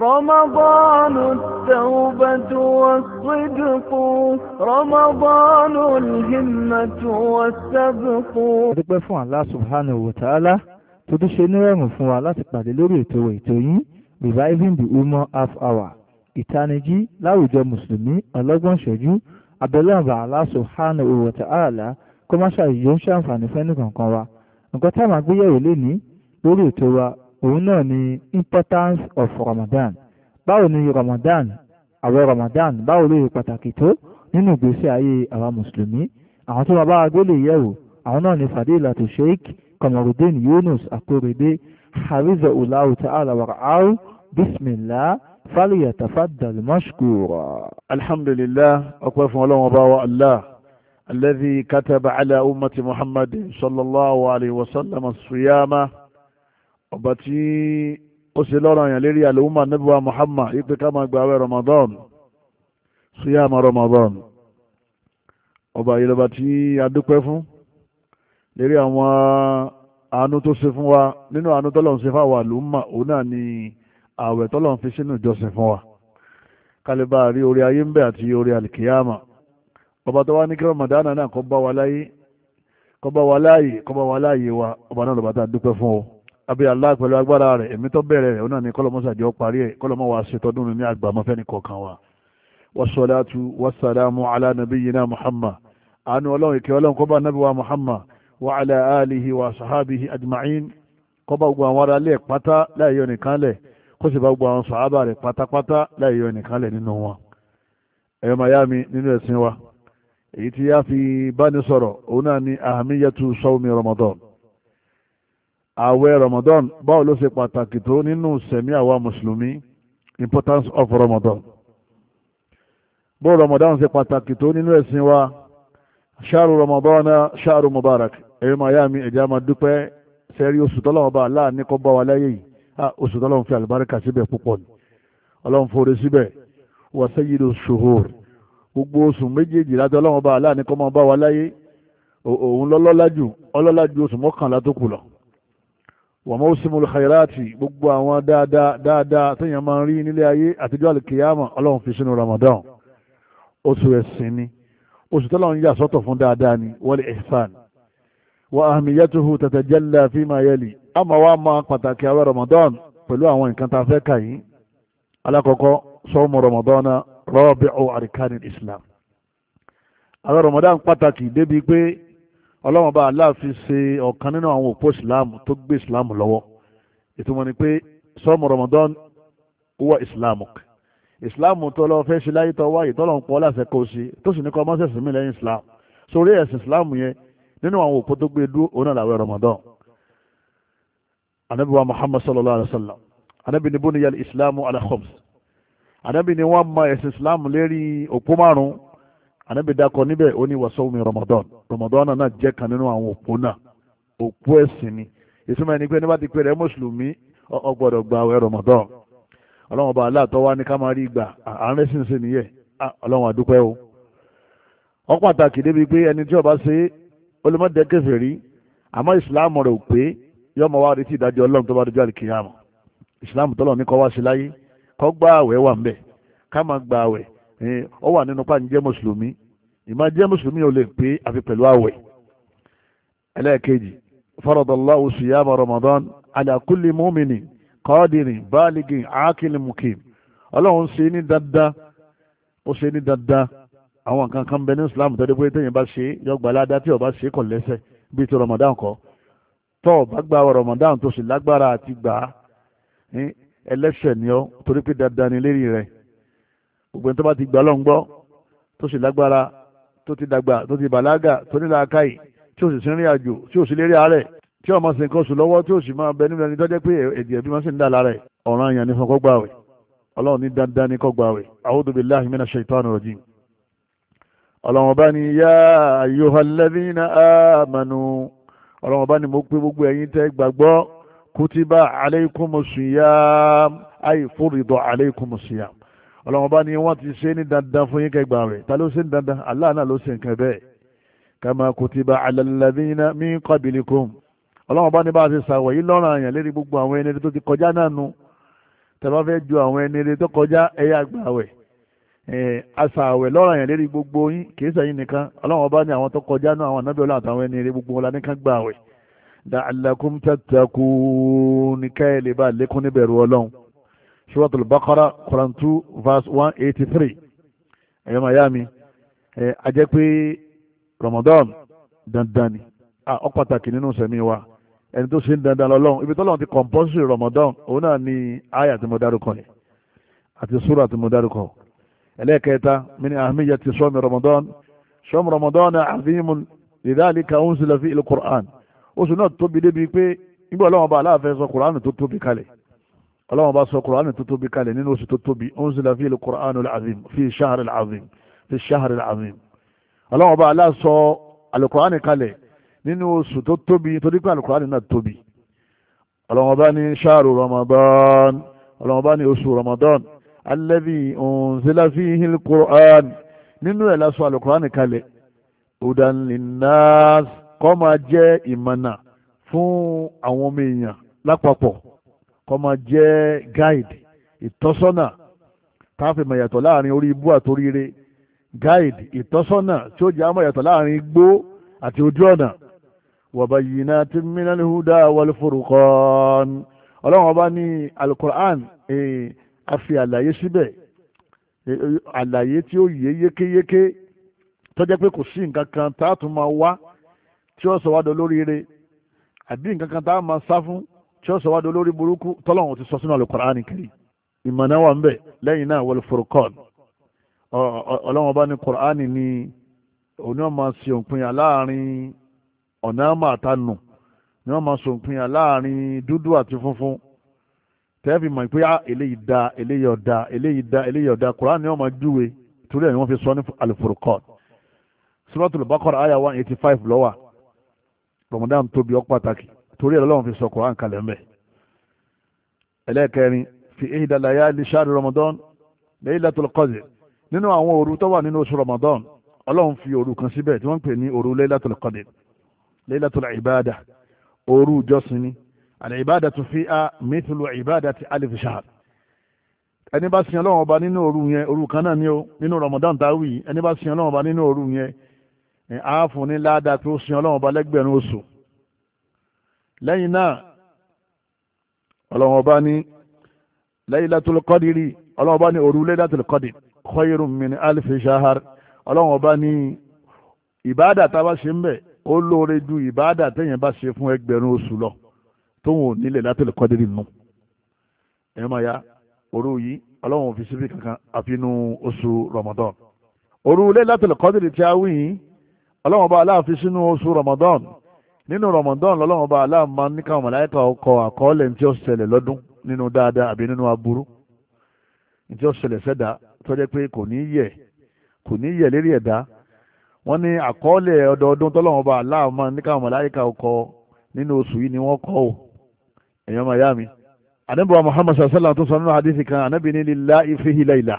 رمضان التوبة والصدق رمضان الهمة والسبق dúpẹ́ fún Allah subhanahu wa ta'ala tó tún ṣe nírọ̀rùn fún wa láti pàdé lórí ètò ètò yín reviving the human half hour ìtanijí láwùjọ mùsùlùmí ọlọ́gbọ̀n ṣẹ́jú abẹ́lẹ́ọ̀bà Allah subhanahu wa ta'ala kọ́máṣá yìí yóò ṣàǹfààní fẹ́nìkọ̀ọ̀kan wa nǹkan táwọn agbéyẹ̀wò lè ní lórí ètò wa òun náà ni importance of Ramadan báwo ni Ramadan àwẹ̀ Ramadan báwo ló yẹ pàtàkì tó nínú ìgbésí ayé àwa mùsùlùmí àwọn tó máa bá agbélé yẹ̀wò àwọn náà ni Fadilatu Sheikh Kamarudin Yunus Akorede hariza ulawu ta'ala wara'au bismillah falyatafaddal mashkura. alhamdulillah ọpẹ́ fún Ọlọ́run ọba wa allah alladhi kataba ala ummati muhammad sallallahu alayhi wa sallam as-siyama ọba tí ó ṣe lọ́rọ̀ àyàn lérí àlòmà níbùwà Muhammad ipe ká máa gbààwẹ̀ Ramadan síyàmà Ramadan ọba ìlọba tí a dúpẹ́ fún lérí àwọn àánú tó ṣe fún wa nínú àánú tọ́lọ̀ ń ṣe fáwà àlòmà òun náà ni ààwẹ̀ tọ́lọ̀ ń fi sínú ìjọsìn fún wa kálíbà rí orí ayé ń bẹ àti orí àlìkìyàmà ọba tó wá ní kí Ramadan náà kó bá wa láyé kó bá wa láyé kó bá wa láyé wa ọba náà lọ́ba tá a dúpẹ́ fún o àbí Allah pẹ̀lú agbára rẹ̀ èmi tó bẹ̀rẹ̀ rẹ̀ náà ni kọ́lọ́mọ́sàjọ́ parí ẹ̀ kọ́lọ́mọ́ wa ṣe tọdún ní àgbàmọ́fẹ́ ní kọ̀ọ̀kan wa wasalaatu wasalaamu ala nabiyina muhammad anu ọlọ́run ìkẹ́ ọlọ́run kọ́ba nabi wa muhammad wa ala alihi wa sahabihi ajma'in kọ́ba gbogbo àwọn ará lẹ̀ pátá láìyọ nìkan lẹ̀ kó sì bá gbogbo àwọn sàhábà rẹ̀ pátápátá láìyọ nìkan lẹ̀ nínú wọn. ẹ̀yọ́ mayami nínú ẹ̀sìn wa èyí tí yá fi bá ní sọ̀rọ̀ òun náà ni ahamiyatu sawmi ramadan ààwẹ̀ Ramadan báwo ló ṣe pàtàkì tó nínú sẹ̀mí àwa mùsùlùmí importance of Ramadan bó Ramadan ṣe pàtàkì tó nínú ẹ̀sìn wa ṣáàrù Ramadan ṣáàrù mubarak èyí máa yá mi ẹ̀jẹ̀ máa dúpẹ́ sẹ́rí oṣù tọ́lọ́wọ́n bá láàánú kọ́ bá wa láyé yìí oṣù tọ́lọ́wọ́n fi àlùbáríkà síbẹ̀ púpọ̀ ni ọlọ́run fòrè síbẹ̀ wà sayyidu shuhur gbogbo oṣù méjèèjì láti ọlọ́run bá láàánú kọ́ máa bá wa láyé òun lọ́lọ́lájú ọlọ́lájú oṣù mọ́kànlá tó kù lọ wa mawsimul khairati gbogbo àwọn dáadáa dáadáa téèyàn máa ń rí nílé ayé àtijọ́ àlùkìyàmọ̀ ọlọ́run fi sínú Ramadan oṣù ẹ̀sìn ni oṣù tọ́lọ́run yà sọ́tọ̀ fún dáadáa ni wal ihsan wa ahmiyatuhu tatajalla fima yali a máa wá máa pàtàkì àwọn Ramadan pẹ̀lú àwọn nǹkan tá a fẹ́ kà yín alákọ̀ọ́kọ́ sọ́mu Ramadan rabi'u arkanil Islam àwọn Ramadan pàtàkì débi pé ọlọ́run bá Allah fi ṣe ọ̀kan nínú àwọn òpó islam tó gbé islam lọ́wọ́ ìtumọ̀ ni pé sọ́ọ̀mù ramadan wọ islamuk islam tó lọ fẹ́ ṣe láyé tó wáyé tó lọ́n pọ̀ láṣẹ kó sí tó sì ní kọ́ mọ́sẹ̀sì mi lẹ́yìn islam sórí ẹ̀sìn islam yẹn nínú àwọn òpó tó gbé dú òun náà làwẹ̀ ramadan anabi wa muhammad sallallahu alaihi wa sallam anabi ni bóni yàrá islam ala anabi ni wọ́n ma ẹ̀sìn islam lérí òpó márùn-ún ànábì dakọ níbẹ̀ ó ní wasọ́wọ́mi Ramadan Ramadan náà jẹ́ kan nínú àwọn òpó náà òpó ẹ̀sìn ni ìsúnmọ́ ẹni pé ní bá ti pè mùsùlùmí ó gba àwẹ̀ Ramadan ọlọ́run ọba aláàtọ́ wa ní ká máa rí gbà àárẹ̀ sì ń ṣe nìyẹn ọlọ́run àdúpẹ́ o ó pàtàkì débi pé ẹni tí ó bá ṣe olùmọ̀dé kèfèrí àmọ́ ìsìláàmù rẹ̀ ò pé yọmọ wa retí ìdájọ́ ọlọ́run tó bá dojú àlìkìyàmù ìsìláàmù tọ́lọ̀ ní kọ́ wá sí láyé kó gba wà ń bẹ̀ ká máa gba ọ wà nínú pa ǹjẹ́ mùsùlùmí ìmá jẹ́ mùsùlùmí ò lè pé àfi pẹ̀lú àwẹ̀ ẹlẹ́ẹ̀kejì faradallahu siyama ramadan ala kulli mumini kọ́ọ̀dìrì báàlìgì àákìlì mukim ọlọ́run ṣe ní dandan ó ṣe ní dandan àwọn nǹkan kan bẹ ní islam tó dé pé téèyàn bá ṣe yọgbà ládá tí ó bá ṣe kò lẹ́sẹ̀ bíi ti ramadan kọ́ tó bá gba ramadan tó sì lágbára àti gbà á ẹlẹ́sẹ̀ ni ó torí pé dandan ni lérí rẹ̀ gbogbo tó bá ti gbà lọ́n gbọ́ tó sì lágbára tó ti dàgbà tó ti bàlágà tó ní làákàyè tí ò sì sí rìn àjò tí ò sì lérí àárẹ̀ tí ọmọ sì ń kọ́ sùn lọ́wọ́ tí ò sì máa bẹ nínú ẹni tó jẹ́ pé èdè ẹ̀bí máa sì ń dà lára ẹ̀ ọ̀ràn èèyàn ní fún kó ọlọ́run ní dandan ní kó gbààwẹ̀ a'udhu billahi minash shaitanir rajim ọlọ́run bá ní yá ayyuhalladhina amanu ọlọ́run bá ní mo pé gbogbo ẹ̀yin tẹ́ gbàgbọ́ kutiba alaykumus siyam ay furida alaykumus siyam ọlọ́wọ́n bá ní wọ́n ti ṣe ní dandan fún yín kẹgbà rẹ̀ ta ló ṣe ní dandan Allah náà ló ṣe nǹkan bẹ́ẹ̀ kama kutiba ala alladhina min qablikum ọlọ́wọ́n bá ní bá a ṣe ṣàwọ̀ yìí lọ́rùn àyàn lérí gbogbo àwọn ẹni tó ti kọjá náà nu tẹ̀lé wọ́n fẹ́ ju àwọn ẹni tó kọjá ẹ̀yà àgbàwẹ̀ aṣàwẹ̀ lọ́rọ̀ yẹn lérí gbogbo yín kìí sẹ́yìn nìkan ọlọ́run ọba àwọn tó kọjá náà àwọn anábẹ́ àtàwọn ẹni eré gbogbo wọn lánìkan gbà wẹ̀ da'allakum tattaqun ní káyẹ̀ bá lékún níbẹ̀rù ọlọ́run suratul baqara quran 2, verse 183. eighty three ẹ̀yọ́ mayami ẹ̀ ajẹ́ pé ramadan dandan ni ó pàtàkì nínú sẹ̀mí wa ẹni tó ṣe ń dandan lọ́lọ́run ibi tọ́lọ́run ti compulsory ramadan òun náà ni aya tí mo dárúkọ yẹn àti sura tí mo dárúkọ ẹlẹ́ẹ̀kẹta min ahmiyati sọ́mi ramadan sọ́mi ramadan azimun lidhalika unzila il-Qur'an oṣù náà tóbi débi pé nígbà ọlọ́run ọba aláàfẹ́ Qur'an tó ọlọ́wọ́n bá sọ kùránì tó tóbi kalẹ̀ nínú oṣù tó tóbi unzila fi kùránì al-azim fi shahar al-azim fi shahar al-azim ọlọ́wọ́n bá aláṣọ alukùránì kalẹ̀ nínú oṣù tó tóbi torí pé alukùránì náà tóbi ọlọ́wọ́n bá ní shahru ramadan ọlọ́wọ́n bá ní oṣù ramadan alladhi unzila fihi al-kùránì nínú ẹ̀ láṣọ alukùránì kalẹ̀ hudan linnas máa jẹ́ ìmọ̀nà fún àwọn ọmọ èèyàn lápapọ̀ kó máa jẹ́ guide ìtọ́sọ́nà káfí mọ̀ yàtọ̀ láàrin orí ibú àtoríire guide ìtọ́sọ́nà tí ó jẹ́ àmọ̀ yàtọ̀ láàrin igbó àti ojú ọ̀nà wa bayyinatin minal huda wal furqan ọlọ́run ọba ní alukur'an a fi àlàyé síbẹ̀ àlàyé tí ó yé yékéyéké tó jẹ́ pé kò sí nǹkan kan tá tún máa wá tí ó sọ wá dọ lóríire àbí nǹkan kan tá máa sá fún tí ó sọ wá di olórí burúkú tọ́lọ́hún ti sọ sínú Al-Qur'ani Karim ìmọ̀nà wà ń bẹ̀ lẹ́yìn náà wal Furqan ọlọ́wọ́n bá ní Qur'ani ni òní wọn máa ṣe òpinya láàrin ọ̀nà àmà àtànù ni wọn máa ṣe òpinya láàrin dúdú àti funfun tẹ́ẹ̀fì mọ̀ pé ah, eléyìí da eléyìí ọ̀dà eléyìí da eléyìí ọ̀dà Qur'ani wọn máa júwe torí ẹ̀ ni wọ́n fi sọ ní Al-Furqan Suratul Baqara àyà one eighty five lọ́wà Ramadan tóbi ọ́ pàtàkì torí ẹ̀rọ lọ́wọ́n fi sọ Kùránì kalẹ̀ ńbẹ̀ ẹlẹ́ẹ̀kẹrin fi ihda layali shahri Ramadan Laylatul Qadr nínú àwọn òru tó wà nínú oṣù Ramadan ọlọ́run fi òru kan síbẹ̀ tí wọ́n ń pè ní òru Laylatul Qadr Laylatul Ibada òru ìjọsìn ni al-ibada fiha mithlu ibadati alif shahr ẹni bá sin ọlọ́run ọba nínú òru yẹn òru kan náà ni ó nínú Ramadan táwì ẹni bá sin ọlọ́run ọba nínú òru yẹn àáfùn ní ládàá tó sin ọlọ́run ọba lẹ́gbẹ̀rún oṣù lẹ́yìn náà ọlọ́run ọba ní Laylatul Qadri ọlọ́run ọba ní òru Laylatul Qadri khayrun min alfi shahr ọlọ́run ọba ní ìbáàdà tá a bá ṣe ń bẹ̀ ó lóore ju ìbáàdà téèyàn bá ṣe fún ẹgbẹ̀rún oṣù lọ tóun ò ní Laylatul Qadri nù ẹ̀ máa ya òru yìí ọlọ́run fi síbi kankan àfinú oṣù Ramadan òru Laylatul Qadri tí a wí yìí ọlọ́run ọba aláàfin sínú oṣù Ramadan nínú rọmọdán lọ́lọ́run ọba aláàmà ní káwọn màláìka ọkọ̀ àkọọ́lẹ̀ tí ó ṣẹlẹ̀ lọ́dún nínú dáadáa àbí nínú aburú tí ó ṣẹlẹ̀ sẹ́dá tó jẹ́ pé kò ní yẹ kò ní yẹ lérí ẹ̀dá wọ́n ní àkọọ́lẹ̀ ọdọọdún tọ́lọ́run ọba aláàmà ní káwọn màláìka ọkọ̀ nínú oṣù yìí ni wọ́n kọ́ ò ẹ̀yàn máa yá mi. ànábì wa muhammad sallallahu alaihi wasallam tó sọ nínú hadith kan ànábì ní lillahi fihi layla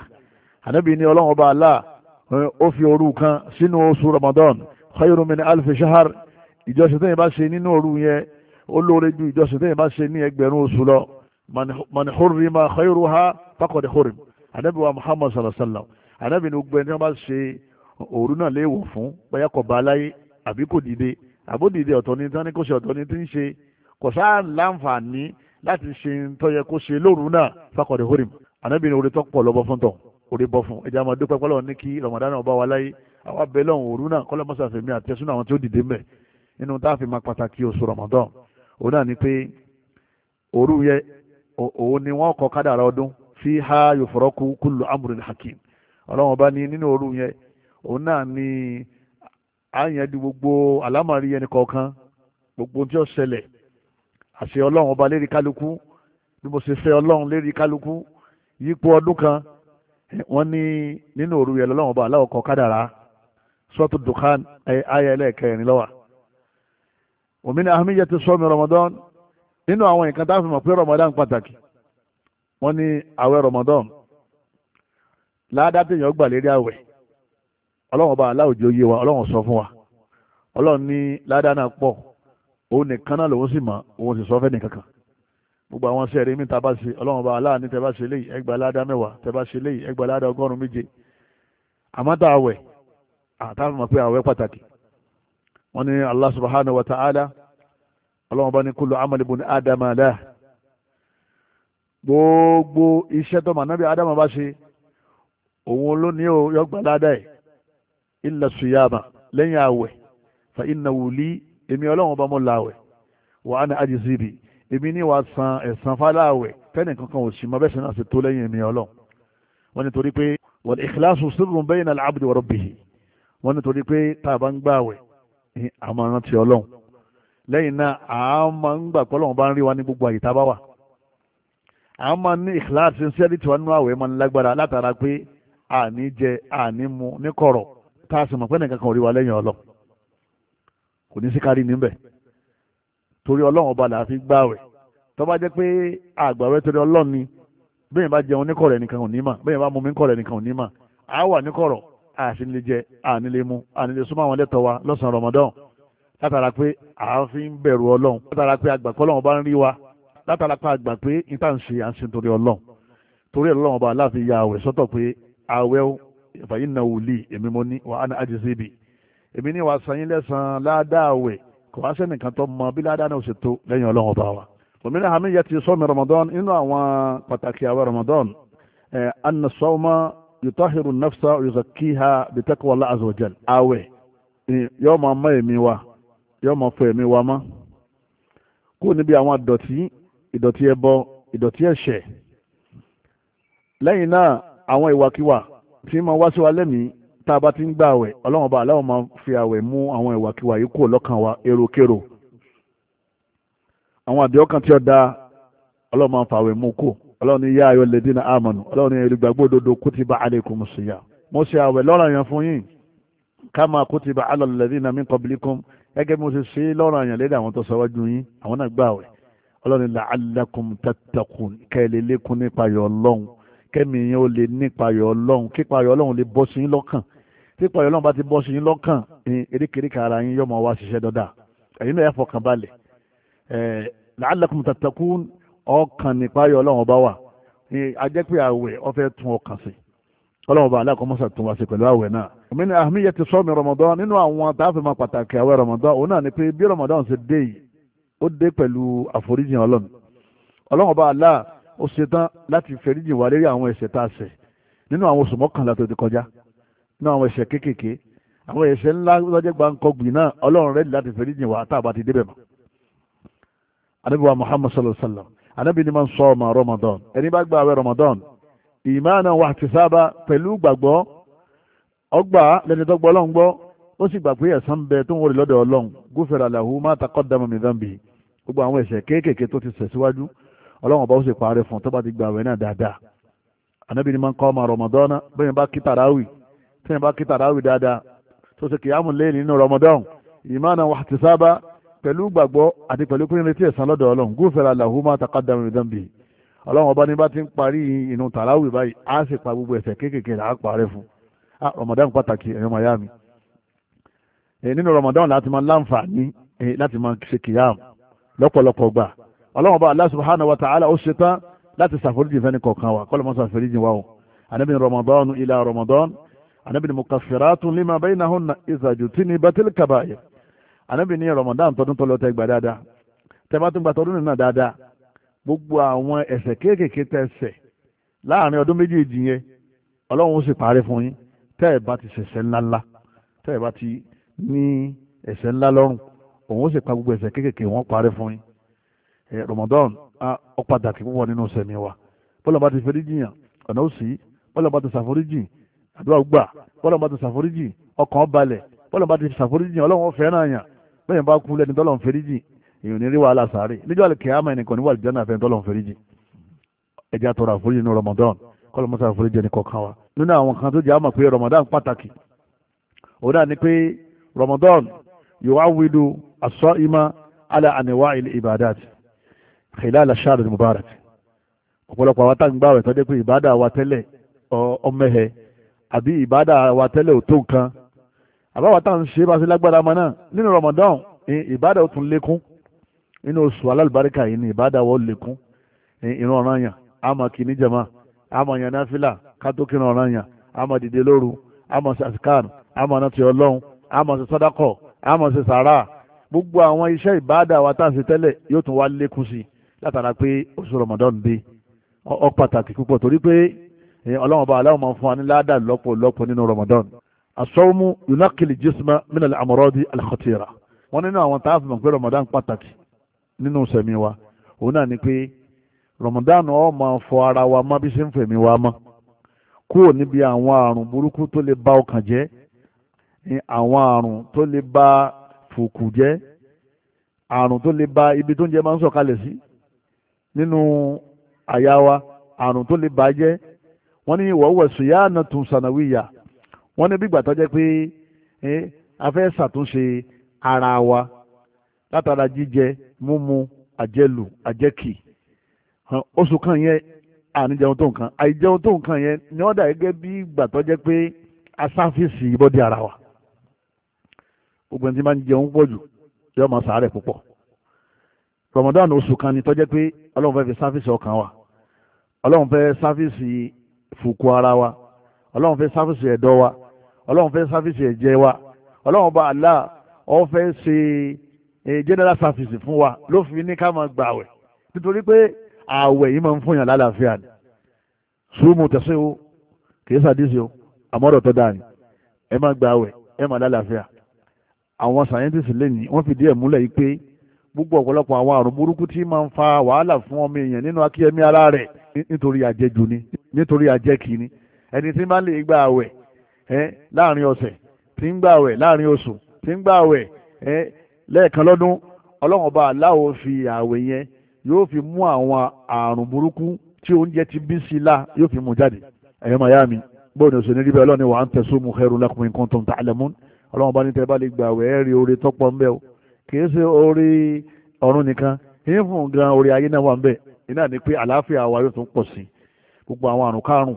ànábì ní ọlọ́run ọba aláà ó fi òru kan sínú oṣù ramadan khayru min alfi shahar ìjọsìn tẹ́yìn bá ṣe nínú òru yẹn ó lóore ju ìjọsìn tẹ́yìn bá ṣe ní ẹgbẹ̀rún oṣù lọ mani hurrima khayruha faqad hurrim anabi wa muhammad sallallahu alaihi wasallam anabi ni gbogbo ẹni tí wọ́n bá ṣe òru náà léèwọ̀ fún bóyá kò bá aláyé àbí kò dìde àbó dìde ọ̀tọ̀ ni tán ní kò ṣe ọ̀tọ̀ ni tí ń ṣe kò sáà láǹfààní láti ṣe tó yẹ kó ṣe lóru náà faqad hurrim anabi ni orí tó pọ̀ fún tọ̀ orí bọ́ fún ẹja máa dúpẹ́ pẹ́lú ọ̀ní kí ramadan ọba wa láyé àwa bẹ́ẹ̀ lọ́hùn òru náà kọ́lọ́ mọ́sàfẹ́mi àtẹ́sùn àwọn tí ó dìde mẹ́ẹ̀ nínú tá a fi máa pàtàkì oṣù Ramadan òun náà ni pé òru yẹ òun ni wọ́n kọ kádàrá ọdún fi ha yòfòrọ́kù kúlù amúrin hakim ọlọ́run ọba ní nínú òru yẹn òun náà ni àyànjú gbogbo àlámàrí ẹni kọ̀ọ̀kan gbogbo tí ó ṣẹlẹ̀ àṣẹ ọlọ́run ọba lérí kálukú bí mo ṣe fẹ́ ọlọ́run lérí kálukú yípo ọdún kan wọ́n ní nínú òru yẹn lọ́lọ́run ọba aláwọ̀ kọ kádàrá sọ́tù dùkán ayẹlẹ́ kẹrin lọ́wọ́ òmí ní ahamiya ti sọ́mi Ramadan nínú àwọn nǹkan tá a fi mọ̀ pé Ramadan pàtàkì wọ́n ní àwẹ̀ Ramadan ládàtí èèyàn gbà lérí àwẹ̀ ọlọ́run ọba aláwùjọ yé wa ọlọ́run sọ fún wa ọlọ́run ní ládàá náà pọ̀ òun nìkan náà lòun sì mọ̀ òun sì sọ fẹ́ nìkankan gbogbo àwọn sí ẹ̀rí mi ta bá ṣe ọlọ́run ọba aláàánú tẹ bá ṣe léyìí ẹgbàá ládàá mẹ́wàá tẹ bá ṣe léyìí ẹgbàá ládàá ọgọ́rùn-ún méje àmọ́ àwẹ̀ àtàwọn mọ̀ pé àwẹ̀ pàtàkì wọ́n ní Allah subhanahu wa ta'ala ọlọ́wọ́n bá ní kullu amali bun adama la gbogbo iṣẹ́ tó mà nábì adama bá ṣe òun ló ní yọgbà ládàá ẹ̀ illa suyama lẹ́yìn àwẹ̀ fa inna wuli èmi ọlọ́wọ́n bá mọ́ làwẹ̀ wa ana ajzi bi èmi ní wàá san ẹ̀san fáláwẹ̀ fẹ́ni kankan ò sì mọ bẹ́sẹ̀ náà ṣe tó lẹ́yìn èmi ọlọ́wọ́n wọ́n ní torí pé wal ikhlasu sirrun bayna al-abdi wa rabbihi wọ́n ní torí pé tá a bá ń àmọ́ rántí ọlọ́run lẹ́yìn náà a máa ń gbà pé bá ń rí wa ní gbogbo a bá wà a máa ní ìkìláàsì sincerity wa nínú àwẹ̀ máa ń lágbára látara pé àní jẹ àní mu ní kọ̀rọ̀ tá a sì mọ̀ pé nìkan kan rí wa lẹ́yìn ọlọ́ kò ní sí kárí níbẹ̀ torí ọlọ́run ọba làá fi tó bá jẹ́ pé torí ni bẹ́ẹ̀ bá jẹun ní kọ̀rọ̀ ẹnìkan ò ní mà bẹ́ẹ̀ bá mu kọ̀rọ̀ ẹnìkan ò ní mà á wà ní kọ̀rọ̀ àti lè jẹ àní lè mu àní súnmọ́ àwọn ẹlẹ́tọ̀ wa lọ́sàn-án Ramadan látara pé àáfin bẹ̀rù ọlọ́run látara pé àgbàpọ̀ ọlọ́run bá ń rí wa látara pé àgbà pé níta ń ṣe à ń ṣe torí ọlọ́run torí ọlọ́run ọba aláàfin ya àwẹ̀ sọ́tọ̀ pé àwẹ̀ ìfàyè náà wò lì èmi mo ní wà á ní àjẹsí ibì èmi ní wàá sanyín lẹ́sàn-án ládàá àwẹ̀ kò wá sẹ́nìkan tó mọ bí ládàá náà ṣe tó lẹ́yìn ọlọ́run ọba wa òmìnira hamiya ti sọ́mi Ramadan nínú àwọn pàtàkì àwẹ̀ Ramadan ẹ̀ eh, anna yutahiru nafsa yuzakiha bitakwa Allah azza wa jal àwẹ̀ yóò máa mọ́ ẹ̀mí wa yóò máa fọ ẹ̀mí wa mọ́ kúrò níbi àwọn ìdọ̀tí ìdọ̀tí ẹbọ ìdọ̀tí ẹ̀ṣẹ̀ lẹ́yìn náà àwọn ìwàkiwà tí máa wá sí wa lẹ́mìí tá a bá ti ń gbà àwẹ̀ ọlọ́run ọba aláwọ̀ máa fi àwẹ̀ mú àwọn ìwàkiwà yìí kúrò lọ́kàn wa èròkèrò àwọn àdéhọ́kàn tí ó da ọlọ́run máa fàwẹ̀ mú kúrò ọlọ́run ní yá ayọ̀ lèdí na àmọ̀nù ọlọ́run ní olùgbàgbọ́ òdodo kútìbà alaykum siyam mo ṣe àwẹ̀ lọ́ranyàn fún yín kama kútìbà ala alladhina min qablikum gẹ́gẹ́ bí mo ṣe ṣe lọ́ranyàn lédè àwọn tó ṣáwájú yín àwọn náà gbà wẹ̀ ọlọ́run la'allakum tattaqun kẹ́lẹ́ lékún nípa yọ ọlọ́run kẹ́mi yẹn ó lè nípa yọ ọlọ́run kípa yọ ọlọ́run ọkàn nípayọ̀ ọlọ́run ọba wà ní ajẹ́ pé àwẹ̀ ọfẹ́ tún ọkàn sí ọlọ́run ọba aláàkọ́mọ́sà tún wá sí pẹ̀lú àwẹ̀ náà. omi ni ahmiya ti sọ́ọ̀mì rọmọdán nínú àwọn táàfin máa pàtàkì àwẹ̀ rọmọdán òun náà ni pé bí rọmọdán ṣe dé yìí ó dé pẹ̀lú àforíjì ọlọ́run ọlọ́run ọba aláà ó ṣetán láti fẹ̀ríjì wá lérí àwọn ẹ̀ṣẹ̀ tá a ṣẹ̀ nínú àwọn oṣù mọ́kànlá tó ti kọjá nínú àwọn ẹ̀ṣẹ̀ kéékèèké àwọn ẹ̀ṣẹ̀ ńlá lọ́jẹ́ gbàǹkọ́gbìn náà ọlọ́run rẹ̀ láti fẹ̀ríjì wá tá a bá ti débẹ̀ mọ́. àdébùwà muhammad sallallahu alayhi wa sallam anábì ni máa ń sọ ọmọ Ramadan ẹni bá gba àwẹ̀ Ramadan ìmáàna wà ti sábà pẹ̀lú gbàgbọ́ ọgbà lẹni tó gbọ́ ọlọ́run gbọ́ ó sì gbà pé ẹ̀san ń bẹ tó ń wọlé lọ́dọ̀ ọlọ́run gúfẹ̀rẹ̀ àlàhù má taqaddama min dhanbi gbogbo àwọn ẹ̀ṣẹ̀ kéékèèké tó ti ṣẹ̀ síwájú ọlọ́run ọba ó sì parẹ́ fún tó bá ti gba àwẹ̀ náà dáadáa anábì ni máa ń kọ́ ọmọ Ramadan bẹ́ẹ̀ bá kí pẹ̀lú gbàgbọ́ àti pẹ̀lú pé retí ẹ̀san lọ́dọ̀ ọlọ́run gúfẹ̀rẹ̀ aláhu máa taqaddama min dhanbi ọlọ́run ọba ní bá ti ń parí inú tàláwì báyìí á sì pa gbogbo ẹ̀ṣẹ̀ kéékèèké rà á parẹ́ fún Ramadan pàtàkì ẹ̀yọ́ mayami nínú Ramadan láti máa láǹfààní láti máa ṣe kìyàm lọ́pọ̀lọpọ̀ gbà ọlọ́run ọba Allah subhanahu wa ta'ala ó ṣe tán láti ṣàforíjì fẹ́ni kọ̀ọ̀kan wa kọ́lọ́ mọ́sá Ramadan anabi mukaffiratun lima baynahunna iza jutibatil kaba'ir ànábì ní Ramadan tọdún tó lọ tẹ gbà dáadáa tẹ bá tún gbà tọdún náà dáadáa gbogbo àwọn ẹ̀ṣẹ̀ kéékèèké tẹ̀ṣẹ̀ láàrin ọdún méjèèjì yẹn ọlọ́run ó sì parí fún yín tẹ́ ẹ̀ bá ti ṣẹ̀ṣẹ̀ ńláńlá tẹ́ ẹ̀ bá ti ní ẹ̀ṣẹ̀ ńlá lọ́rùn òun ó sì pa gbogbo ẹ̀ṣẹ̀ kéékèèké wọ́n parí fún yín Ramadan ó pàtàkì púpọ̀ nínú sẹ̀mí wa bọ́lá bá ti fẹ́rí jiyàn ọ̀nà ó sì bọ́lá bá ti ṣàforíjì àdúrà gbà bọ́lá bá ti ṣàforíjì ọkàn balẹ̀ bọ́lá bá ti ṣàforíjì ọlọ́run ó fẹ́ràn yàn bẹ́ẹ̀ bá kú lẹ́ni tọ́lọ̀ ń feríjì èèyàn ní rí wàhálà sáré níjọ́ àlùkìyámà ẹnìkan ní wàlùjọ́ náà fẹ́ tọ́lọ̀ ń feríjì ẹja tọrọ àforíjì ní Ramadan kọ́lọ̀ mọ́sá àforíjì ẹni kọ̀ọ̀kan wa nínú àwọn kan tó jẹ́ àmọ̀ pé Ramadan pàtàkì òun náà ni pé Ramadan yu'awwidu as-sa'ima ala anwa'i al-ibadat khilal ash-shahr al-mubarak ọ̀pọ̀lọpọ̀ àwọn táwọn gbààwẹ̀ tó dé pé ìbádà wa tẹ́lẹ̀ ọmẹ́hẹ àbí ìbádà wa tẹ́lẹ̀ ò nǹkan àbáwá tá à ń ṣe bá ṣe lágbára ọmọ náà nínú Ramadan ìbádà ó tún lékún nínú oṣù alálùbáríkà yìí ni ìbádà wọ́n lékún ìran ọ̀ràn yàn àmọ́ kìíní jẹ̀mọ́ àmọ́ yàn náfìlà kátó kìíní ọ̀ràn yàn àmọ́ dìde lóru àmọ́ sàṣìkàn àmọ́ nàti ọlọ́run àmọ́ ṣe sọ́dákọ̀ àmọ́ ṣe sàárà gbogbo àwọn iṣẹ́ ìbádà wa tá à ń ṣe tẹ́lẹ̀ yóò tún wá lékún sí látara pé oṣù Ramadan dé ó Ramadan الصوم yunakili الجسم من amọ̀rọ́dì alikọ́tìrà wọ́n nínú àwọn táàfù mọ̀ pé Ramadan pàtàkì nínú sẹ̀mí wa òun náà ni pé Ramadan ọ̀ máa fọ ara wa má bí ṣe ń fẹ̀mí wa mọ́ kúrò níbi àwọn àrùn burúkú tó lè ba ọkàn jẹ́ ní àwọn àrùn tó lè ba fòkù jẹ́ àrùn tó lè ba ibi tó ń jẹ máa ń sọ̀kalẹ̀ sí nínú àyà wa àrùn tó lè ba jẹ́ wọ́n ní ìwọ̀wọ̀ sùyà náà tún sànàwìyà wọ́n ní bígbà tó jẹ́ pé a fẹ́ ṣàtúnṣe ara wa látara jíjẹ múmu àjẹlù àjẹkì oṣù kan yẹn àníjẹun tó nǹkan àìjẹun tó nǹkan yẹn ni wọ́n dà gẹ́gẹ́ bí ìgbà tó jẹ́ pé asáfíìsì ìbọ́dí ara wa gbogbo ẹni tí máa ń jẹun pọ̀ jù yóò máa sàárẹ̀ púpọ̀ Ramadan oṣù kan ni tó pé ọlọ́run fẹ́ fi sáfíìsì ọkàn wa ọlọ́run fẹ́ sáfíìsì fùkù ara wa ọlọ́run fẹ́ sáfìsì ẹ̀dọ́ wa ọlọ́run fẹ́ sáfìsì ẹ̀jẹ̀ wa ọlọ́run bá àlá ọ fẹ́ ṣe eh, general service fún wa ló fi ní ká máa gba àwẹ̀ nítorí pé àwẹ̀ yìí máa ń fún yàn lálàáfíà ni sùúmù tẹ̀sí o kì í sàdísì o àmọ́rọ̀ tó dáa ni ẹ máa gba àwẹ̀ ẹ máa lálàáfíà àwọn sàyẹ́ntìsì lẹ́yìn wọ́n fìdí ẹ̀ múlẹ̀ yìí pé gbogbo ọ̀pọ̀lọpọ̀ àwọn àrùn burúkú tí máa ń fa wàhálà fún ọmọ èèyàn nínú akíyẹmí ara rẹ̀ nítorí àjẹjù ni nítorí àjẹkì ni ẹni tí máa ń lè gba àwẹ̀ láàrin ọ̀sẹ̀ tí ń gba àwẹ̀ láàrin oṣù tí ń gba àwẹ̀ lẹ́ẹ̀kan lọ́dún ọlọ́run ọba aláwo fi àwẹ̀ yẹn yóò fi mú àwọn àrùn burúkú tí oúnjẹ ti bí sí la yóò fi mú jáde ẹ̀yọ́ màá yá mi bóyá oṣù ní ríbẹ̀ ọlọ́run wà ń tẹ̀só mu khairu lakum in kuntum ta'lamun ọlọ́run ọba ní tẹ́ bá lè gba àwẹ̀ ẹ̀ rí oore tọ́pọ̀ ń bẹ́ o kì í ṣe oore ọ̀run nìkan ìfún gan orí ayé náà wà ń bẹ iná ni pé àlàáfíà wa yóò tún pọ̀ sí gbogbo àwọn àrùn kárùn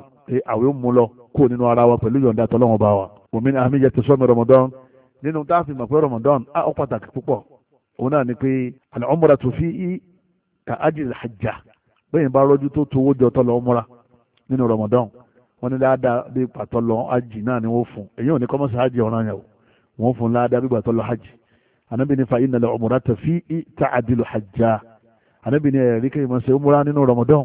àwẹ̀ mú lọ kó nínú ara wa pẹ̀lú yọ̀ǹda tọ́lọ́wọ́n bá wa òmìnira àmìjẹ ti sọ́mi rọmọdán nínú tá a fi mọ̀ pé rọmọdán á ọ pàtàkì púpọ̀ òun náà ni pé àlẹ́ ọmọdé tó fi í ka ájì hajja bẹ́ẹ̀ bá rọ́jú tó tó owó jọ tọ́lọ́ ọmọra nínú rọmọdán wọn ní dáadáa bí pàtọ́ lọ ájì náà ni wọ́n fún èyí ò ní kọ́mọ́sí ájì ọ̀ràn yẹn o wọ́n fún ládàá bí pàtọ́ ájì ànábì ní fa ìnàlẹ̀ ọmọdé tó fi í ta àdìlù hajja ànábì ní ẹ̀rí kéèmọ̀ ṣe ọmọra nínú rọmọdán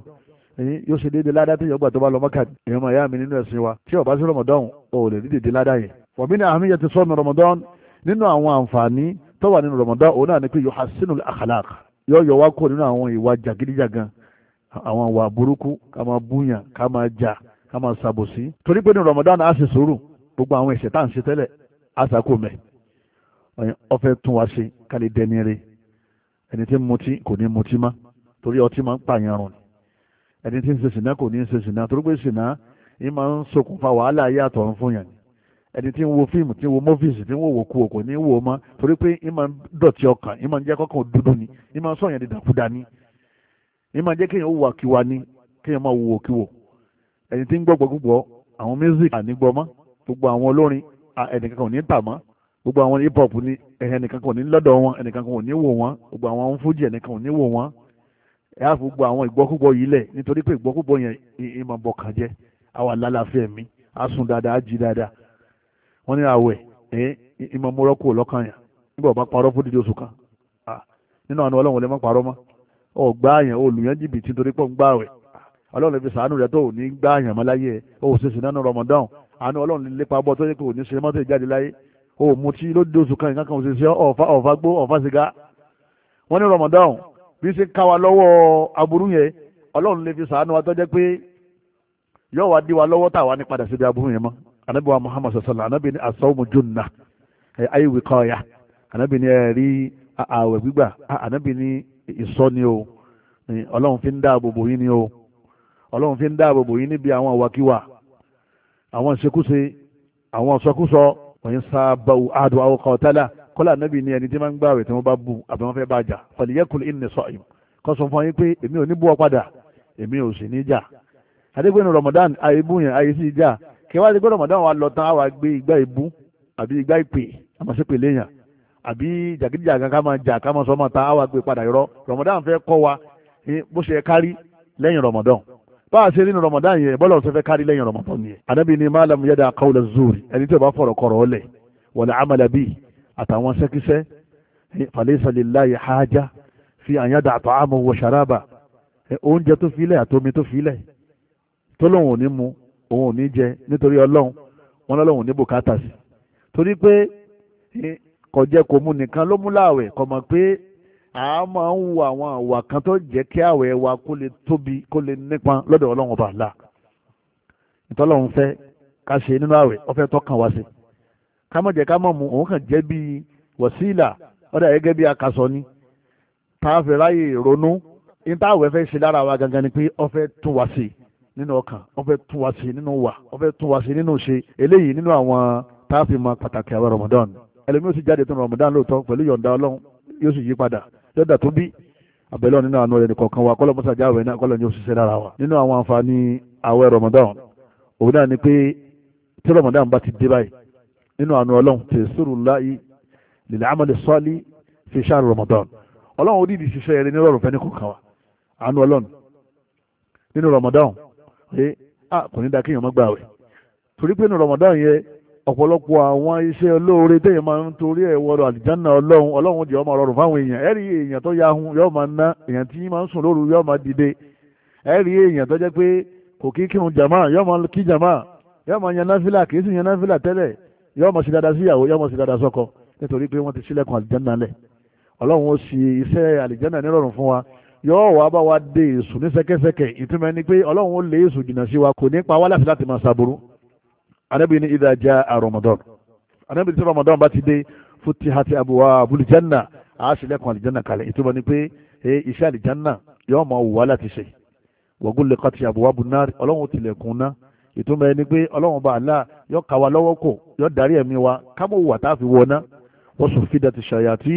yóò ṣe déédéé ládá tí yọgbà tó bá lọ mọ́kà èèyàn máa yá mi nínú ẹ̀sìn wa tí ọba sí rọmọdán ò lè rí déédéé ládá yẹn wàmí ni àmì yẹn ti sọ́nù rọmọdán nínú àwọn àǹfààní tó wà nínú rọmọdán òun náà ni pé yuhasinu akhlaq yóò yọ wá kó nínú àwọn ìwà jàgídíjàgan àwọn ìwà burúkú ká máa búyàn ká máa jà ká máa ṣàbòsí torí pé ní rọmọdán á sì sùúrù gbogbo àwọn ẹ̀ṣẹ̀ tá à ń ṣe tẹ́lẹ̀ á sàkó mẹ́ ọfẹ́ tún wá ṣe ká lè dẹni rẹ ẹni tí ń mutí kò ní mutí má torí ọtí máa ń pààyàn rùn ẹni tí ń ṣe sìnà kò ní ń ṣe sìnà torí pé sìnà ń máa ń ṣokùnfà wàhálà ayé àtọ̀run fún yàn ẹni tí ń wo fíìmù tí ń wo mọ́fíìsì tí ń wo wòkú òkò ní wò ó torí pé ni máa ń sọ̀yàn dídàkúdà ni máa ń jẹ́ kéèyàn ni kéèyàn máa ẹni tí ń gbọ́ gbọ́gbọ́ àwọn gbogbo àwọn olórin ò ní gbogbo àwọn hip hop ni ò ní lọ́dọ̀ wọn ẹ á fún gbogbo àwọn ìgbọ́kúgbọ́ yìí lẹ̀ nítorí pé ìgbọ́kúgbọ́ yẹn ìmọ̀ bọ̀kàn jẹ́ àwa lálàáfíà mi á sùn dáadáa á jí dáadáa wọ́n ní àwẹ̀ ẹ ìmọ̀ mọ́rọ́ kù lọ́kàn yẹn nígbà ọba parọ́ fún dídí oṣù kan nínú àwọn ọlọ́run lè má parọ́ mọ́ ọ̀gbá yẹn olùyẹn jìbìtì nítorí pọ̀ ń gbà wẹ̀ ọlọ́run fi sàánú rẹ̀ tó ní gbà yẹn mọ́ láyé ẹ̀ ó Ramadan àánú ọlọ́run lépa bọ́ tó yẹ kó ní ṣe mọ́tò ìjáde láyé ó mutí lódì oṣù kan ìkankan òṣìṣẹ́ ọ̀fà gbó ọ̀fà wọ́n ní Ramadan bí ṣe ká wa lọ́wọ́ aburú yẹn ọlọ́run lè fi sàánú wa tọ́jẹ́ pé yóò wá dí wa lọ́wọ́ tá a wá ní padà síbi aburú yẹn mọ́ anabi wa muhammad sallallahu anabi ni asawmu junna ayi wikaya anabi ni ẹ̀rí ààwẹ̀ gbígbà anabi ni ìsọ́ni o ọlọ́run fi ń dáàbò bò yín ni o ọlọ́run fi ń dáàbò bò yín níbi àwọn àwàkiwà àwọn ìṣekúṣe àwọn ìsọkúsọ wọ́n yín sábà àdùn àwòkọ̀ tálà kọ́lá anábì ni ẹni tí máa ń gbààwẹ̀ tí wọ́n bá bu àbí wọ́n fẹ́ bá jà falyaqul inni sa'im kọ́ sọ fún yín pé èmi ò ní bú ọ padà èmi ò sì ní jà adégbénu Ramadan àìbú yẹn àyè sí ìjà kẹwàá ti gbé Ramadan wa lọ tán àwa gbé igbá ìbú àbí igbá ìpè àmọ́sípè léèyàn àbí jàgídíjàgá ká máa jà ká máa sọ máa ta àwa gbé padà yọrọ Ramadan fẹ́ kọ́ wa bó ṣe kárí lẹ́yìn Ramadan bá a ṣe nínú Ramadan yẹn bọ́lá ọ̀sẹ̀ fẹ́ kárí lẹ́yìn Ramadan yẹn. anabi ni malam yada qawla zuri ẹni tí o bá fọ̀rọ̀ kọ̀rọ̀ ọ̀lẹ̀ wala amala bi àtàwọn sẹ́kísẹ́ falaysa lillahi haja fi an yada'a ta'amahu wa sharaba oúnjẹ tó filẹ̀ àtomi tó filẹ̀ tó lóun ò ní mu òun ò ní jẹ nítorí ọlọ́run wọn lọ́lọ́run ò ní bùkátà sí torí pé kò jẹ kò mu nìkan ló mú láàwẹ̀ kò mọ̀ pé a máa ń wo àwọn àwà kan tó jẹ́ kí àwẹ̀ wa kó lè tóbi kó lè nípa lọ́dọ̀ ọlọ́run ọba àlá ìtọ́lọ́run fẹ́ ká ṣe nínú àwẹ̀ ó fẹ́ tọ́kàn wá sí i kámọ̀jẹ̀ kámọ̀ mu òun kàn jẹ́ bíi wọ̀síìlà ọ̀dà gẹ́gẹ́ bíi akasọ ni tá a fẹ́ ráyè ronú ní tá àwẹ̀ fẹ́ ṣe lára wa gangan ni pé ó fẹ́ tún wá sí nínú ọkàn ó fẹ́ tún wá sí nínú wà ó tún wá sí nínú ṣe eléyìí nínú àwọn tá fi mọ pàtàkì àwọn Ramadan ẹlòmíràn sì jáde tó Ramadan lóòótọ́ pẹ̀lú yọ̀ǹda Ọlọ́run yóò sì yí padà yọ̀ǹda tó bí àbẹ̀lọ́ nínú àwọn ẹni kọ̀ọ̀kan wa kọ́lọ́ mọ́sàájà àwẹ̀ náà kọ́lọ́ ní ó ṣiṣẹ́ lára wa nínú àwọn àǹfààní àwẹ̀ Ramadan òun náà ni pé tí Ramadan bá ti dé báyìí nínú àánú ọlọ́run tẹ̀ sórò láyé lílẹ̀ àmàlẹ̀ sọ́ọ́lì fi ṣáà Ramadan ọlọ́run odidi ṣiṣẹ́ eré ní rọrùn fẹ́ni kọ̀ọ̀kan wa àánú ọlọ́run nínú Ramadan ṣe kò ní dákẹ́ èèyàn má gbààwẹ̀ torí pé nínú Ramadan yẹ ọ̀pọ̀lọpọ̀ àwọn iṣẹ́ olóore téèyàn máa ń torí ẹ̀ wọ́rọ̀ àlìjánná ọlọ́run ọlọ́run jẹ́ ọmọ rọrùn fáwọn èèyàn ẹ̀rí èèyàn tó yahun yóò máa ná èèyàn tí máa ń sùn lóru yóò máa dìde ẹ̀rí èèyàn tó jẹ́ pé kò kí kírun jàmáà yóò máa kí jàmáà yóò máa yan náfìlà kì í sì yan náfìlà tẹ́lẹ̀ yóò mọ̀ sí dáadáa sí ìyàwó yóò mọ̀ sí dáadáa sọ́kọ nítorí pé wọ́n ti sílẹ̀kùn àlìjánná lẹ̀ ọlọ́run ó sì iṣẹ́ àlìjánná nírọ̀rùn fún wa yóò wá bá wa dé èṣù ní sẹ́kẹ́sẹ́kẹ́ ìtumọ̀ ni pé ọlọ́run ó lé èṣù jìnnà sí wa kò ní pa wá láti láti máa ṣàbùrú anábì ní idha jaa Ramadan anábì tí Ramadan bá ti dé futihati abwabul janna a ṣílẹ̀kùn àlìjánná kalẹ̀ ìtumọ̀ ni pé iṣẹ́ àlìjánná yóò máa wù wá láti ṣe wa gulliqati abwabun nar ọlọ́run ó tilẹ̀kùn náà ìtumọ̀ ẹni pé ọlọ́run bá àlá yọ kà wá lọ́wọ́ kò yọ darí ẹ̀mí wa kámọ́ wà tá a fi wọná wọ́n sùn fídà ti ṣàyàtì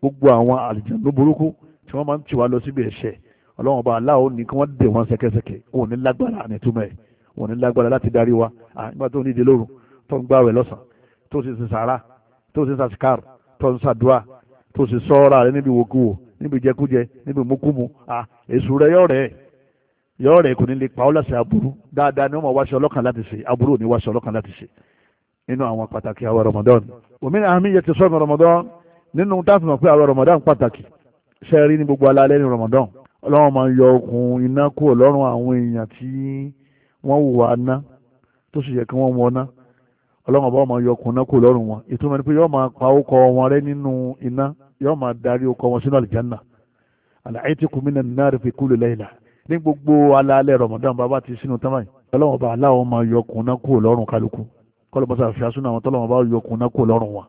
gbogbo àwọn àlìjàndó burúkú tí wọ́n máa ń tì wá lọ síbi ẹ̀ṣẹ̀ ọlọ́run bá àlá òní kí wọ́n dè wọ́n ṣẹ̀kẹ̀ṣẹ̀kẹ̀ òun ní lágbára ní ìtumọ̀ ẹ̀ òun ní lágbára láti darí wa nígbà tó ní ìdè lóru tó ń gbààwẹ̀ lọ́sàn tó sì ń sàrà tó sì ń sàṣìkàr tó ń sàdúà tó sì sọ ọ́ ra yọ̀ọ́ rẹ̀ kò ní lè pa ọ́ láṣẹ aburú dáadáa ni wọ́n máa wáṣọ ọlọ́kan láti ṣe aburú ò wáṣọ ọlọ́kan láti ṣe nínú àwọn pàtàkì àwọn Ramadan òmìnira àmì yẹ ti sọ́ọ̀mù Ramadan nínú táàfin mọ̀ pé àwọn Ramadan pàtàkì ṣe rí ní gbogbo alálẹ́ ní Ramadan ọlọ́run máa ń yọ okùn iná kúrò lọ́rùn àwọn èèyàn tí wọ́n wùwà ná tó sì yẹ kí wọ́n wọ ná ọlọ́run ọba máa yọ okùn iná kúrò lọ́rùn wọn ìtumọ̀ ní gbogbo alaalẹ́ rọ̀mọ̀dán bàbá ti sínú tán báyìí ọlọ́run ọba aláwọ̀ máa yọ kùnà kúrò lọ́rùn kálukú kọlọ́bọ̀sá fi asúnà àwọn tọ́lọ́run ọba yọ kùnà kúrò lọ́rùn wa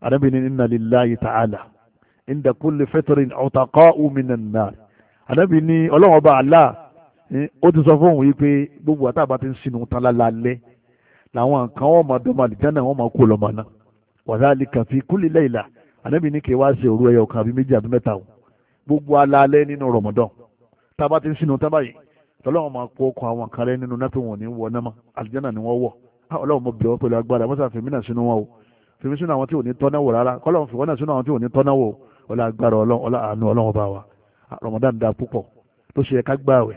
anábì ní inna lillahi ta'ala inda kulli fitrin utaqa'u minan nar anábì ní ọlọ́run ọba alá eh, ó ti sọ fóun yìí pé gbogbo àtàbà ti ń sínú tán lálálẹ́ làwọn kan wọn máa dọ́mọ àlìjáná wọn máa kó lọ́mọ náà wa dhalika fi kulli layla anábì ní kí wá ṣe òru ẹyọ kan àbí méjì àbí mẹ́ta o gbogbo alálẹ́ nínú rọ̀mọ̀dán tá a bá ti ń sinú tábà yìí tọ́lọ́wọ́n máa kó ọkọ̀ àwọn kan rẹ nínú náà tó wọ̀n ní wọ náà àlùjánnà ni wọ́n wọ̀ ah, ọlọ́run mo bẹ̀ ọ́ pẹ̀lú agbára mọ́sá fèmí náà sínú wọn o fèmí sínú àwọn tí ò ní tọ́ná wò rárá kọ́lọ́run fèmí náà sínú àwọn tí ò ní tọ́ná wò ọlá agbára ọlá àánú bá wa ah, Ramadan da púpọ̀ tó ṣe ká gbààwẹ̀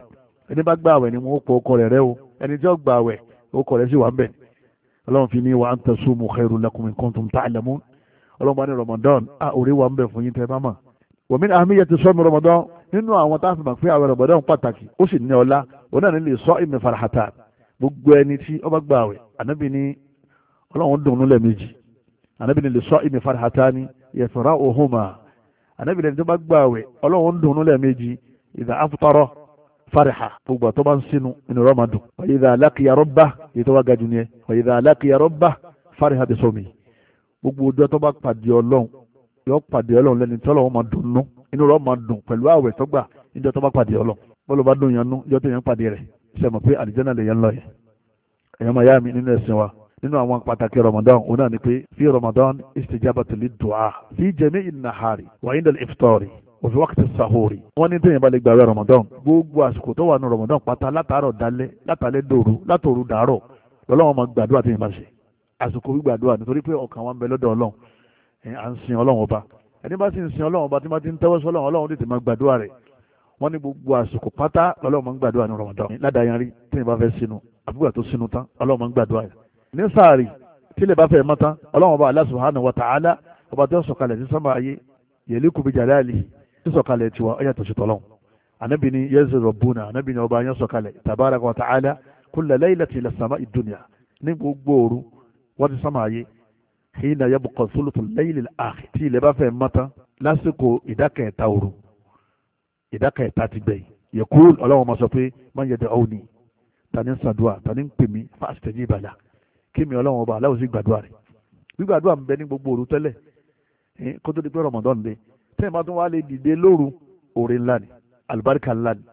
ẹni bá gbààwẹ̀ ni wọn ó kọ rẹ̀ rẹ o ẹni tí ó gbààwẹ̀ ọkọ rẹ̀ sì wà bẹ̀ ọlọ́run fi ní wa an tasumu khairul lakum in kuntum ta'lamun ọlọ́run bá ní Ramadan a ah, òrí wa ń bẹ̀ fún yín tẹ́ bá mọ̀ wọ́n ahamiyyẹ ti sọ́mu rọmọdán nínú àwọn tá a fi mọ̀ pé àwẹ̀ rọmọdán pàtàkì ó sì ní ọlá òun náà ní lè sọ ìmì farahata gbogbo ẹni tí ó bá gba àwẹ̀ ànábì ní ọlọ́run dùnnú lẹ́ẹ̀mejì ànábì ní lè sọ ìmì farahata ní yẹ̀fọ̀rá òhùnmá ànábì ní tó bá gba àwẹ̀ ọlọ́run dùnnú lẹ́ẹ̀mejì ìdá afutọ́rọ́ fariha gbogbo àtọ́ bá ń sinú inú rọ́mọdún ìdá alákìyà rọ́bà èyí tó wá ga jù ní ẹ ìdá alákìyà rọ́bà fariha ti sọ mi gbogbo ọjọ́ tó bá pàdé ọlọ́run yọ pàdé ọlọ́run lẹ́ni tí ọlọ́run máa dùn nú inú rẹ̀ máa dùn pẹ̀lú àwẹ̀ tó gbà níjọ́ tó bá pàdé ọlọ́run bọ́lọ̀ bá dùn yẹn nú níjọ́ tó yẹn pàdé rẹ̀ ṣe mọ̀ pé àlìjẹ́nà lè yẹn lọ yẹn ẹ̀yọ́ máa mi nínú ẹ̀sìn wa nínú àwọn pàtàkì Ramadan òun náà ni pé fi Ramadan istijabatu li du'a fi jami'i nahari wa inda al-iftari wa fi sahuri wọ́n ní téèyàn bá lè gbàwé Ramadan gbogbo àsìkò tó wà ní Ramadan pátá látàárọ̀ dalẹ́ látàlẹ́ dòru látòru dàárọ̀ lọ́lọ́wọ́n máa gbàdúrà téèyàn bá ṣe àsìkò gbígbàdúrà nítorí pé ọkàn wa ń bẹ lọ́dọ̀ Ọlọ́run à ń sin ọlọ́run ọba ẹni bá sì ń sin ọlọ́run ọba tí wọ́n ti ń tẹ́wọ́ sí ọlọ́run ọlọ́run tètè máa gbàdúrà rẹ̀ wọ́n ní gbogbo àsìkò pátá ọlọ́run máa ń gbàdúrà ní Ramadan ládàáyanrí tí ìbá fẹ́ sinú àbúgbà tó sinú tán ọlọ́run máa ń gbàdúrà rẹ̀ ní sáàrì tí ilẹ̀ bá fẹ́ mọ́ tán ọlọ́run ọba Allah subhanahu wa ta'ala ọba tó sọ̀kalẹ̀ sí sámà ayé yẹ̀lí kùbi jàdáàlì tí sọ̀kalẹ̀ tiwa ọ̀yà tó ṣe tọ́lọ́ anabi ni yẹ́sẹ̀ rọ̀bùnà anabi ni ọba yẹn sọ̀kalẹ̀ tabaraka wa ta'ala kulla laylati ila sama'i dunya ní gbogbo òru wọ́n ti sámà ayé hina yabqa thuluth al-layl al-akhir tí ilẹ̀ bá fẹ́ mọ́tán lásìkò ìdákẹ́ẹ̀ta òru ìdákẹ́ẹ̀ta ti gbẹ̀yìn yẹ̀kúrú ọlọ́wọ́n ma sọ pé máa ń yẹ da'uni tani ń sàdúà tani ń pè mí fastajiba la kí mi ọlọ́wọ́n ọba aláwọ̀ sí gbàdúà rẹ̀ gbígbàdúà ń bẹ ní gbogbo òru tẹ́lẹ̀ kó tó di pé Ramadan dé tẹ́yìn bá tún wá lè dìde lóru òre ńlá ni alibarika ńlá ni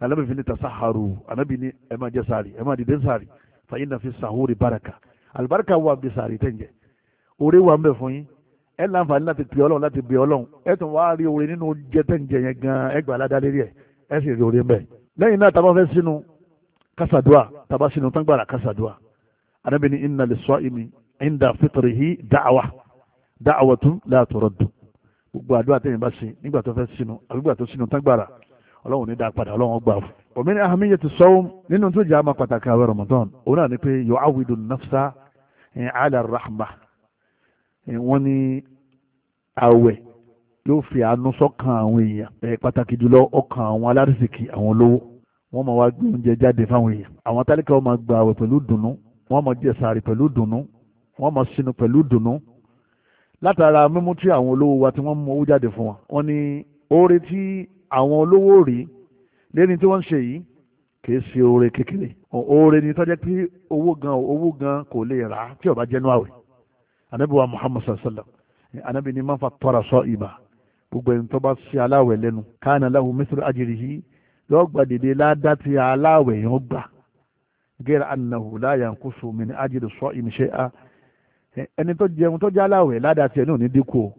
alábẹ̀ fi tasaharu anábì ni ẹ máa jẹ sààrì dìde sààrì fa inna sahuri baraka alibarika wà bí sààrì tẹ́ ń jẹ oore wà ń bẹ fún yín ẹ láǹfààní láti pè ọlọ́run láti bẹ ọlọ́run ẹ tún wá rí oore nínú oúnjẹ tẹ̀ ń jẹ yẹn gan ẹgbẹ́ aládàlérí ẹ ẹ sì rí oore ń bẹ. lẹ́yìn náà taba fẹ́ sínú kásádùá taba sínú tán gbàrà kásádùá anábìíní inna lis-sa'imi inda fitrihi da'wa da'watun la turaddu gbogbo àdúrà tẹ̀yìn bá ṣe nígbà tó fẹ́ sínú àbígbà tó sínú tán gbàrà ọlọ́run ní dáa padà ọlọ́run gbà fún. òmìnira ahamiya ti sọ́wọ́n nínú tó jẹ́ àmà pàtàkì àwẹ̀ Ramadan òun náà ni pé yu'awwidu nafsa eh, ala rahma Eh, wọ́n ní àwẹ̀ yóò fi àánú sọ́kàn àwọn èèyàn eh, pàtàkì jùlọ ọkàn àwọn alárìsìkì àwọn olówó wọ́n máa wá gbé oúnjẹ jáde fáwọn èèyàn àwọn tálíkà wọ́n máa gba àwẹ̀ pẹ̀lú dùnnú wọ́n máa jẹ sàárì pẹ̀lú dùnnú wọ́n máa sinu pẹ̀lú dùnnú látara mímú tí àwọn olówó wa tí wọ́n mú owó jáde fún wa wọ́n ní oore tí àwọn olówó rí lẹ́ni tí wọ́n ń ṣe yìí kìí ṣe oore kékeré oore ni tọ́jẹ́ pé owó gan owó gan kò lè rà á tí ó bá jẹ́nu àwẹ̀ anabi wa muhammad sallam anabi ni man fattara sa'iba gbogbo ẹni tó bá ṣe aláwẹ̀ lẹ́nu kana lahu mithlu ajrihi lọ́gbà dèdè ládá ti aláwẹ̀ yẹn gbà gẹ́rẹ́ annahu la yanqusu min ajri sa'imi shay'a ẹni tó jẹun tó jẹ́ aláwẹ̀ ládá tiẹ̀ náà ní dínkù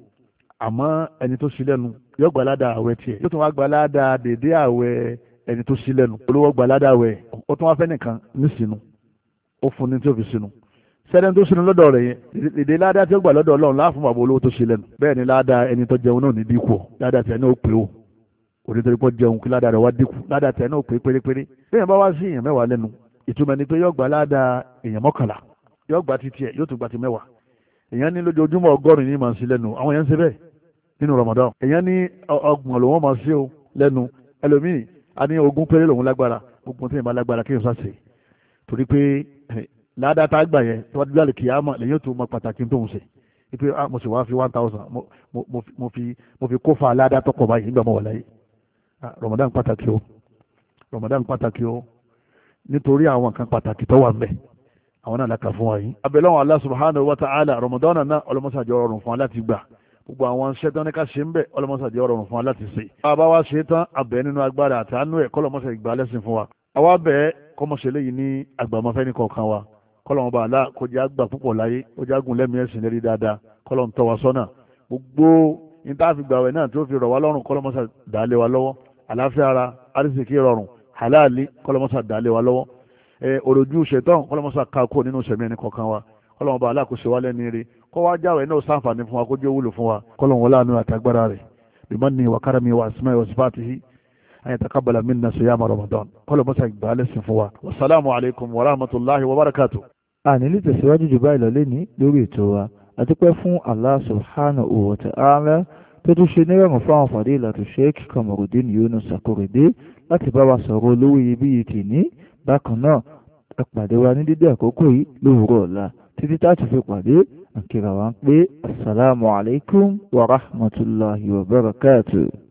àmọ́ ẹni tó ṣí lẹ́nu yóò gbà ládá àwẹ̀ tiẹ̀ yóò tún wá gbà ládá dèdè àwẹ̀ ẹni tó ṣí lẹ́nu olówó gbà ládá àwẹ̀ ó tún wá fẹ́ nìkan ní sínú ó fún ní tí ó fi sínú sẹ́ni tó sinú lọ́dọ̀ rẹ̀ yẹn èdè ládàá tí ó gbà lọ́dọ̀ ọlọ́run láàfún bàbá olówó tó ṣe lẹ́nu bẹ́ẹ̀ ni ládàá ẹni tó jẹun náà ní dínkù ládàá tí ẹni ó pè ó onítorí pọ́ jẹun kí ládàá rẹ̀ wá dínkù ládàá tí ẹni ó pè é pérépéré bẹ́ẹ̀ bá wá sí èèyàn mẹ́wàá lẹ́nu ìtumọ̀ ni pé yóò gba ládàá èèyàn mọ́kànlá yóò gba ti tiẹ̀ yóò tún gba ti mẹ́wàá èèyàn ní lójoojúmọ́ ọgọ́rin ládàá tá a gbà yẹn tí wọ́n ti gbàlè kìyàmọ̀ lẹ́yìn tó mọ pàtàkì tó ń ṣe ipe ah, mo sì wá fi one thousand mo fi kó fa ládàá tọkọ báyìí nígbà mọ̀ wọ̀láyé ah, Ramadan pàtàkì o Ramadan pàtàkì o nítorí àwọn kan pàtàkì tó wà ń bẹ̀ àwọn náà làkà fún wa yìí. abẹ́lẹ́wọ̀n Allah subhanahu wa ta'ala Ramadan náà ọlọ́mọṣàjọ ọrùn fún wa láti gbà gbogbo àwọn ṣẹ́tán ní ká ṣe ń bẹ̀ ọlọ́mọṣàjọ ọrùn fún wa láti ṣe. bàbá wa ṣe tán abẹ́ nínú agbára àtàánú ẹ̀ kọ́lọ́mọṣà wa kọ́lọ́wọ́n bá àlá kọjá gbà púpọ̀ láyé kọjá gùn lẹ́mí ẹ̀sìn lérí dáadáa kọ́lọ́wọ́n tọ́ wa sọ́nà gbogbo ìtàfìgbà rẹ̀ náà tó fi rọ̀ wá lọ́rùn kọ́lọ́mọ́sà dàálé wa lọ́wọ́ àláfíà ara àrísìkí rọrùn halali kọ́lọ́mọ́sà dàálé wa lọ́wọ́ òròjú ṣetán kọ́lọ́mọ́sà kakó nínú sẹ̀mí ẹni kọ̀ọ̀kan wa kọ́lọ́wọ́n bá àlá kò ṣe wá lẹ́ni rí kọ́ wá jáwé náà sáǹfààní fún wa kó jẹ́ wúlò fún wa kọ́lọ́wọ́n wọlé àánú àtàgbára rẹ̀ bimanni wa karami wa asma'i wa sifatihi an yataqabbala minna siyama ramadan kọ́lọ́mọ́sà ìgbàlẹ̀ sìn fún wa wasalaamu alaykum wa rahmatulahi wa barakatuh àní lè tẹ̀síwájú jù báyìí lọ lẹ́ni lórí ètò wa àdúpẹ́ fún Allah subhanahu wa ta'ala tó tún ṣe nírọ̀rùn fáwọn fadilatu Sheikh Kamarudin Yunus Akorede láti bá wa sọ̀rọ̀ olówó iyebíye tìní bákan náà ẹ pàdé wa ní dídé àkókò yìí lówùúrọ̀ ọ̀la títí tá fi pàdé àkìrà wa ń pé asalaamualeykum wa rahmatulahi wa barakatuh.